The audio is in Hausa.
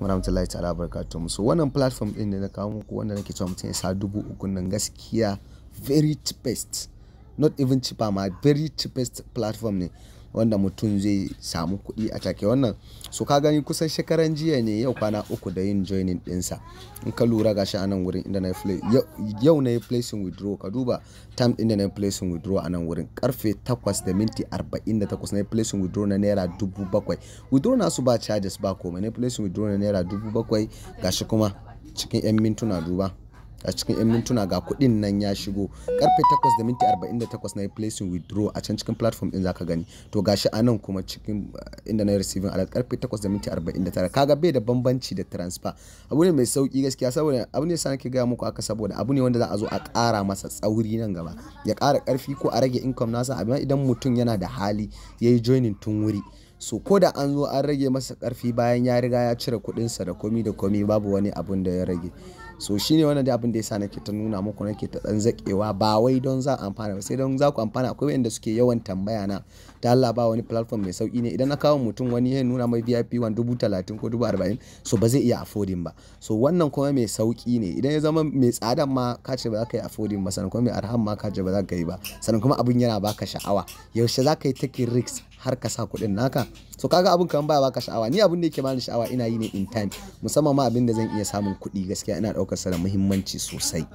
warahmatullahi ta'ala barakatuhu so wannan platform din da na kawo muku wanda nake cewa mutum ya sa dubu uku nan gaskiya very cheapest not even cheaper ma very cheapest platform ne wanda mutum zai samu kuɗi a take wannan so ka gani kusan shekaran jiya ne yau kwana uku da yin joining ɗinsa in ka lura gashi a nan wurin inda na yau na yi placing withdraw ka duba time inda na yi placing withdraw a nan wurin karfe 8 da minti 48 na yi placing withdraw na naira 7,000 withdraw na su ba charges ba komai na yi placing withdraw na naira 7,000 gashi kuma cikin 'yan mintuna duba a cikin 'yan mintuna ga kudin nan ya shigo karfe 8 na yi placing withdraw a can cikin platform din zaka gani to gashi a nan kuma cikin eh, inda na receiving alert karfe 8 da minti 49 kaga bai da bambanci da transfer abu ne mai sauki gaskiya saboda abu ne sa nake gaya muku aka saboda abu ne wanda za a zo a kara masa tsauri nan gaba ya kara karfi ko a rage income nasa amma idan mutum yana da hali ya yi joining tun wuri so ko da an zo an rage masa karfi bayan ya riga ya cire kuɗinsa da komi da komi babu wani abun da ya rage so shine wannan da abin da ya sa nake ta nuna muku nake ta dan zakewa ba wai don za amfana ba sai don za ku amfana akwai wanda suke yawan tambaya na ta Allah ba wani platform mai sauki ne idan na kawo mutum wani ya nuna mai VIP 1,030 ko 40 so ba zai iya affording ba so wannan kuma mai sauki ne idan ya zama mai tsadan ma ka ce ba za ka yi affording ba sannan kuma mai arham ma ka ce ba za ka yi ba sannan kuma abin yana baka sha'awa yaushe za ka yi take risk har ka sa kuɗin naka so kaga abin kan baya baka sha'awa ni abin da yake bani sha'awa ina yi ne in time musamman ma abin da zan iya samun kuɗi gaskiya ina ɗaukar sa da muhimmanci sosai